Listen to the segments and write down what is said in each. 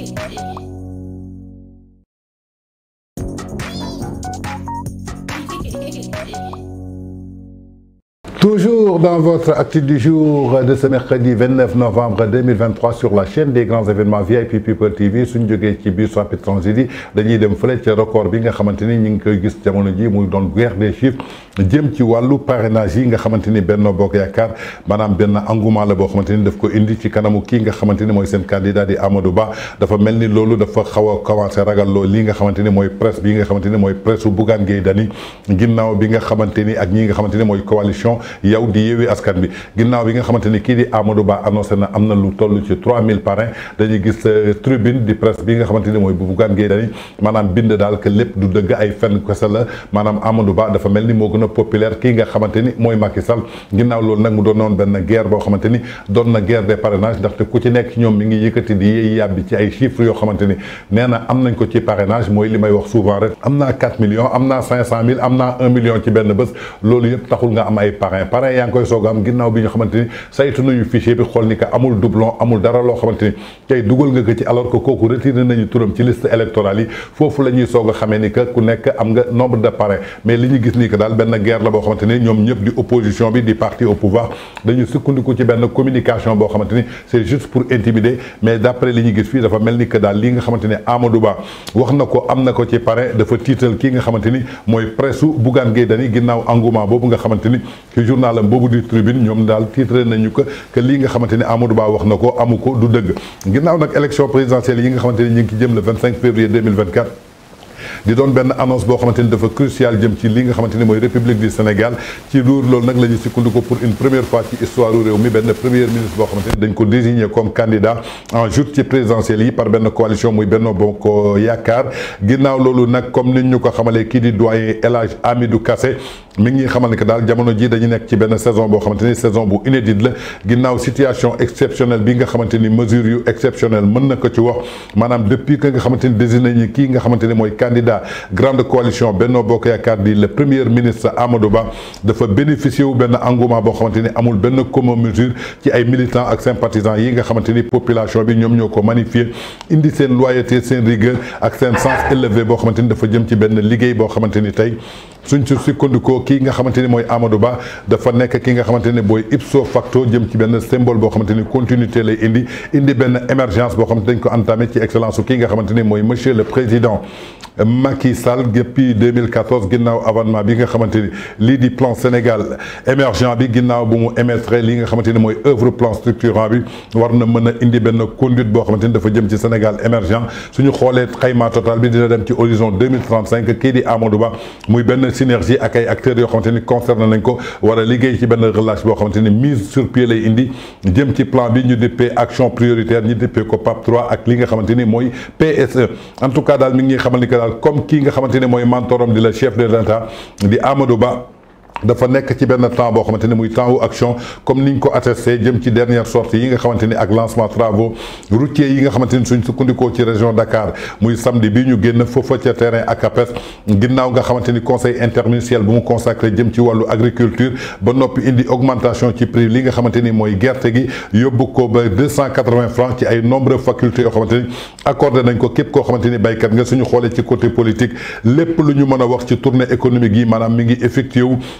Thank you. Toujours dans votre actu du jour de ce mercredi 29 novembre 2023 sur la chaîne des grands événements VIP People TV suñ jógee ci bus rapid transit yi dañuy record binga nga xamante ni guerre des chiffres jëm ci wàllu parrainage yi nga xamante Benno Bokk Yakar, maanaam benn engouement la de xamante daf indi ci kanamu nga xamante ni mooy candidat di Amadou Ba dafa mel ni dafa xaw ragal nga presse bi nga xamante ni presse nga coalition yow di yeewee askan bi ginnaaw bi nga xamante ni kii di Amadou Ba annoncé na am na lu toll ci 3000 parrains dañuy gis tribune di presse bi nga xamante ni mooy bu Bougane Gueye Dany maanaam bind daal que lépp du dëgg ay fenn kese la maanaam Amadou Ba dafa mel ni moo gën a populaire kii nga xamante ni mooy Macky Sall ginnaaw loolu nag mu doon noonu benn guerre boo xamante ni doon na guerre des parrainages ndaxte ku ci nekk ñoom mi ngi yëkkati di yeey yàbbi ci ay chiffres yoo xamante ni nee na am nañ ko ci parrainage mooy li may wax souvent rek am naa 4 millions am naa 500 000 am naa 1 million ci benn bés loolu yëpp taxul nga am ay parrain parrain parrain yaa ngi koy soog am ginnaaw bi ñu xamante ni saytu nañu fichier bi xool ni que amul doublon amul dara loo xamante ni tey dugal nga ko ci alors que kooku retiré nañu turam ci liste électorale yi foofu la ñuy soog a xamee ni que ku nekk am nga nombre de parrain mais li ñu gis nii que daal benn guerre la boo xamante ni ñoom ñëpp di opposition bi di parti au pouvoir dañu sukkandiku ci benn communication boo xamante ni c'est juste pour intimider mais d'après li ñu gis fii dafa mel ni que daal li nga xamante ni Amadou Ba wax na ko am na ko ci parrain dafa tiital kii nga xamante ni mooy presse su Bougane Gueye Dany ginnaaw engouement boobu nga xamante ni journal am boobu di tribune ñoom daal titré nañu ko que lii nga xamante ni Amadou Ba wax na ko amu ko du dëgg ginnaaw nag élection présidentielle yi nga xamante ni ngi jëm le 25 février 2024. di doon benn annonce boo xamante ni dafa crucial jëm ci li nga xamante ni mooy république du Sénégal ci luur loolu nag la ñu sukkandiku pour une première fois ci histoire réew mi benn premier ministre boo xamante ni dañ ko désigné comme candidat en jour ci présidentiel yi par benn coalition muy Benno ko Yaakaar ginnaaw loolu nag comme niñ ñu ko xamalee kii di doyen El Hadj Amidou Kassé mi ngi xamal ne que daal jamono ji dañu nekk ci benn saison boo xamante ni saison bu inédite la ginnaaw situation exceptionnelle bi nga xamante ni mesure yu exceptionnelle mën na ko ci wax maanaam depuis que nga xamante ni désigné ñi kii nga xamante ni mooy candidat grande coalition Benno Bokk Yaakaar le premier ministre Amadou Ba faire bénéficier wu benn engouement boo xamante amul benn commune mesure ci ay militants ak sympathisants yi nga xamante ni population bi ñoom ñoo ko magnifié indi seen loyauté seen rigueur ak seen sens élevé boo xamante ni dafa jëm ci benn liggéey boo xamante ni tey suñ ci sukkandikoo kii nga xamante ni mooy Amadou Ba dafa nekk ki nga xamante ni ipso facto jëm ci benn symbole boo continuité lay indi indi benn émergence boo xamante dañ ko entamé ci excellence su kii nga xamante ni monsieur le président Macky Sall depuis 2014 ginnaw avancement bi nga xamanteni li di plan Sénégal émergent bi ginnaw bu mu émettre li nga xamanteni moy œuvre plan structurant bi warna mëna indi ben conduite bo xamanteni dafa jëm ci Sénégal émergent suñu xolé xayma total bi dina dem ci horizon 2035 kii di Amadou Ba muy benn synergie ak ay acteurs yo xamanteni concerné nañ ko war a liggéey ci ben relâche bo xamanteni mise sur pied lay indi jëm ci plan bi ñu dippee action prioritaire ñu dippee ko PAP 3 ak li nga xamanteni moy PSE en tout cas dal mi ngi xamal ni comme kii nga xamante ne mooy mentoram di la chef de l'État di Amadou Ba dafa nek ci ben temps bo xamanteni muy temps wu action comme niñ ko attesté jëm ci dernière sortie yi nga xamanteni ak lancement travaux routiers yi nga xamanteni ni suñ sukkandikoo ci région Dakar muy samedi bi ñu génn fofu ci terrain ak APES ginnaaw nga xamanteni conseil interministériel bu mu consacré jëm ci walu agriculture ba nopi indi augmentation ci prix li nga xamanteni moy mooy gerte gi yóbbu ko ba 280 francs ci ay nombre facultés yo xamanteni accordé nañ ko képp ko xamanteni ni béykat nga suñu xolé ci côté politique lepp lu ñu mëna wax ci tournée économique yi manam mi ngi effectué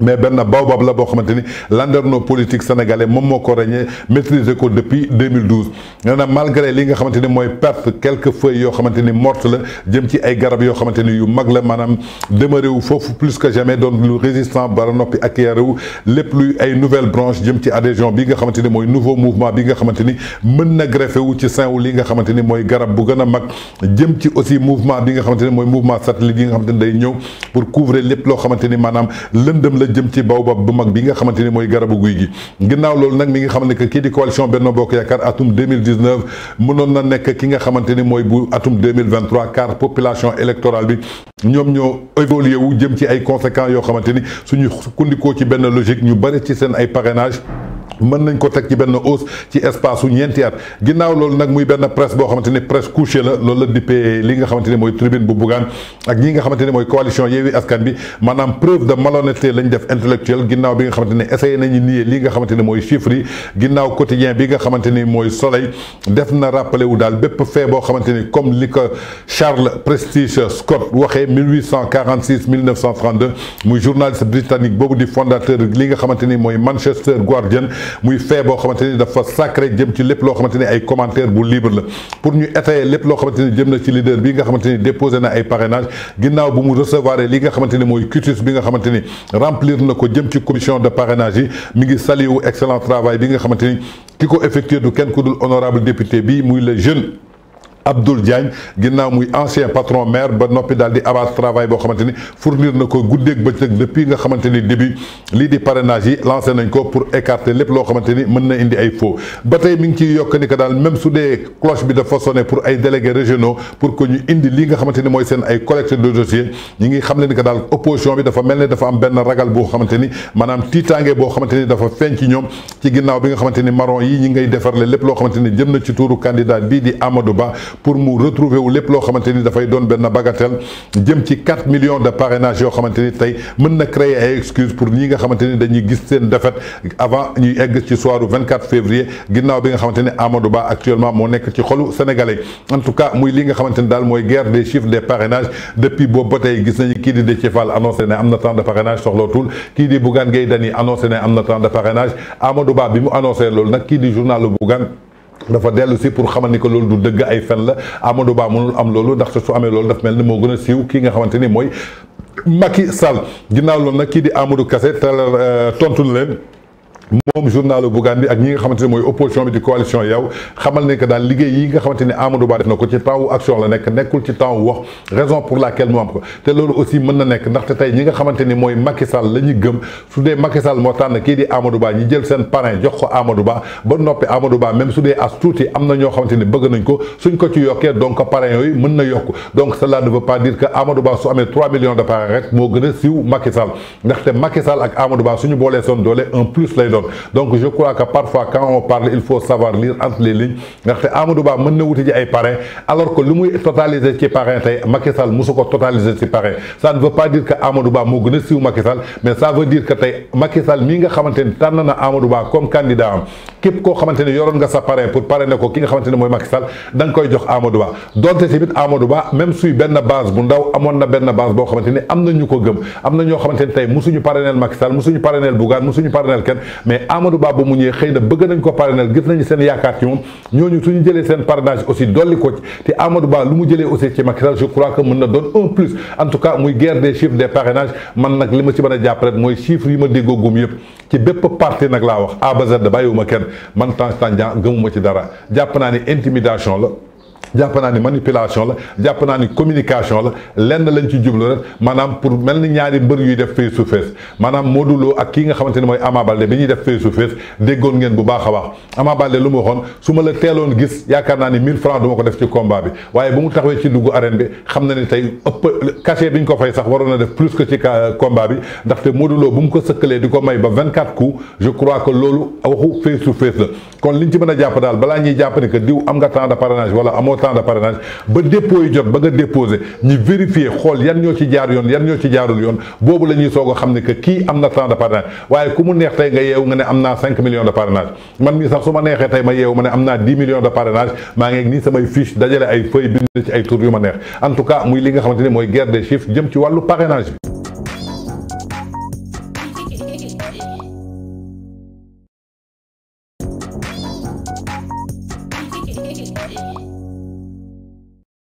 mais ben baobab la bo xamanteni ni nos politique sénégalais moment coréen maîtrise ràññee maîtriser ko depuis 2012 nana a malgré li nga xamanteni moy perte quelques feuilles yo xamanteni ni morte la jëm ci ay garab yo xamanteni yu mag la manam demeuré wu fofu plus que jamais donc le résistant Baranopi noppi ak yarewu lépp luy ay nouvelle branche jëm ci adhésion bi nga xamanteni moy nouveau mouvement bi nga xamanteni ni mën na greffé wu ci sein wu li nga xamanteni moy garab bu gëna mag jëm ci aussi mouvement bi nga xamanteni moy mouvement satellite yi nga xamanteni day ñëw pour couvrir lepp lo xamanteni ni l'un lëndëm la jëm ci baobab bu mag bi nga xamante ni mooy garabu guy gi ginnaaw loolu nag mi ngi xam ne que kii di coalition Benno Bokk Yaakaar atum 2019 mënoon na nekk ki nga xamante ni mooy bu atum 2023 car population électorale bi ñoom ñoo évolué wu jëm ci ay conséquences yoo xamante ni suñu sukkandikoo ci benn logique ñu bëri ci seen ay parrainage mën nañ ko teg ci benn hausse ci espace su ñeenti at ginnaaw loolu nag muy benn presse boo xamante ni presse couché la loolu la dippee li nga xamante ni mooy tribune bu Bougane ak ñi nga xamante ni mooy coalition Yewwi Askan Wi maanaam preuve de malhonnêteté lañ def intellectuelle ginnaaw bi nga xamante ni essayé nañu nier li nga xamante mooy chiffre yi ginnaaw quotidien bi nga xamante ni mooy soleil def na rappelé wu daal bépp fait boo xamante ni comme li ko char Prestige Scott waxee 1846 1932 muy journaliste britannique boobu di fondateur li nga xamante ni mooy Manchester Guardian muy fee boo xamante ni dafa sacré jëm ci lépp loo xamante ay pour ñu étayer lépp loo xamante ni jëm na leader bi nga xamante déposé na ay parrainage ginnaaw bu recevoir li nga remplir na commission de parrainage yi mi ngi excellent travail bi nga xamante ni du député bi muy le jeune Abdoul Diagne ginnaw muy ancien patron maire ba nopi daal di abaat travail bo xamanteni fournir nako goudé ak guddeeg ak depuis nga xamanteni début li di parrainage lancé nañ ko pour écarter lepp lo xamanteni mën na indi ay faux batay tey mi ngi ciy yokk ni ka dal même su dee cloche bi fa sonné pour ay délégués régionaux pour que ñu indi li nga xamanteni moy sen ay collecteur de dossiers ñi ngi xamlé ni ka dal opposition bi dafa melni ne dafa am ben ragal bo xamanteni manam titangé bo xamanteni xamante ni dafa feeñ ci ñoom ci ginnaw bi nga xamanteni marron yi ñi ngay defarle lepp lo xamanteni jëm na ci touru candidat bi di Amadou Ba pour mu retrouver wu lepp lo xamanteni da fay doon ben bagatelle jëm ci 4 millions de parrainage yo xamanteni tay tey mën na créer ay excuses pour ñi nga xamanteni dañuy gis sen défaite avant ñuy egg ci soiru 24 février ginnaw bi nga xamanteni Amadou Ba actuellement mo nekk ci xolu sénégalais en tout cas muy li nga xamanteni dal moy guerre des chiffres des parrainages depuis boobu ba tey gis nañu ki di Déthié Fall annoncé né amna temps de parrainage tout ki di Bougane Gueye Dany annoncé né amna na temps de parrainage Amadou Ba bi mu annoncé lool nak ki di journal Bougane dafa dellu si pour xamal ni que loolu du dëgg ay fen la Amadou Ba mënul am loolu ndaxte su amee loolu daf mel ni moo gën a siiw kii nga xamante ni mooy Macky Sall ginnaaw loolu nag kii di Amadou Kassé te euh, tontu na leen. mom journalu Bougane bi ak ñi nga xamanteni moy opposition bi di coalition yow xamal ne que dal liggéey yi nga xamanteni Amadou Ba def na ko ci temps wu action la nek nekul ci temps wax raison pour laquelle mu am ko te lolu aussi mën na nekk ndaxte tay ñi nga xamanteni moy mooy Macky Sall lañu gëm su dee Macky Sall mo tan ki di Amadou Ba ñi jël sen parrain jox ko Amadou Ba ba noppi Amadou Ba même su dee as touti am na ñoo xamante bëgg nañ ko suñ ko ci yoké donc parrain yooyu mën na yokk donc cela ne veut pas dire que Amadou Ba su amé 3 millions de parrain rek mo gëna siw siiw Macky Sall ndaxte Macky Sall ak Amadou Ba suñu bolé son dolé un plus lay donc je crois que parfois quand on parle il faut savoir lire entre les lignes ndaxte Amadou Ba mën na wuti ay parrain alors que lu muy totaliser ci parrain tey Macky Sall mosu totaliser ci parrain ça ne veut pas dire que Amadou Ba moo gën Macky Sall mais ça veut dire que tey Macky Sall mi nga xamante ni na Amadou Ba comme candidat Kep ko koo xamante nga sa parrain pour parrainer ko ki nga xamante moy Macky Sall dang koy jox Amadou Ba donte tamit Amadou Ba même suy ben base bu ndaw amon na ben base bo xamante amna ñu ko gëm Amna ño ñoo xamante ni tey parrainel Macky Sall mosuñu parrainel Bougane parrainel ken mais Amadou Ba bu mu ñëwee xëy na bëgg nañ ko parrainel gis nañu seen yaakaar ci moom ñooñu suñu jëlee seen parrainage aussi dolli ko ci te Amadou Ba lu mu jëlee aussi ci ma Sall je crois que mën na doon un plus en tout cas muy guerre des chiffres des parrainages man nag li ma ci mën a jàpp mooy chiffres yi ma déggoo gum yëpp ci bépp parti nag laa wax A ba Z bàyyiwuma kenn man Tange Tandian gëmuma ci dara jàpp naa ni intimidation la jàpp naa ni manipulation la jàpp naa ni communication la lenn lañ ci jublu rek maanaam pour mel ni ñaari mbër yuy def face to face maanaam Modou Lo ak kii nga xamante ne mooy Ama de bi ñuy def face to face déggoon ngeen bu baax a baax Ama Baldé lu mu waxoon su ma la teeloon gis yaakaar naa ni 1000 francs du ma ko def ci combat bi waaye bu mu taxawee ci dugg arène bi xam na ni tey ëpp cachet bi ñu ko fay sax waroon na def plus que ci combat bi di ko may ba 24 coups temps de parrainage ba dépôt yi jot ba nga déposer ñu vérifier xol yan ñoo ci jaar yoon yan ñoo ci jaarul yoon bobu lañuy ñuy soog a xam ne que kii am na temps de parrainage waaye ku mu neex tey nga yeewu nga ne am naa cinq millions de parrainage man mi sax su ma neexee tey ma yeewu ma ne am naa dix millions de parrainage maa ngi nii samay fiche dajale ay feuille bind ci ay tour yu ma neex en tout cas muy li nga xamante ni mooy guerre des chiffres jëm ci wàllu parrainage bi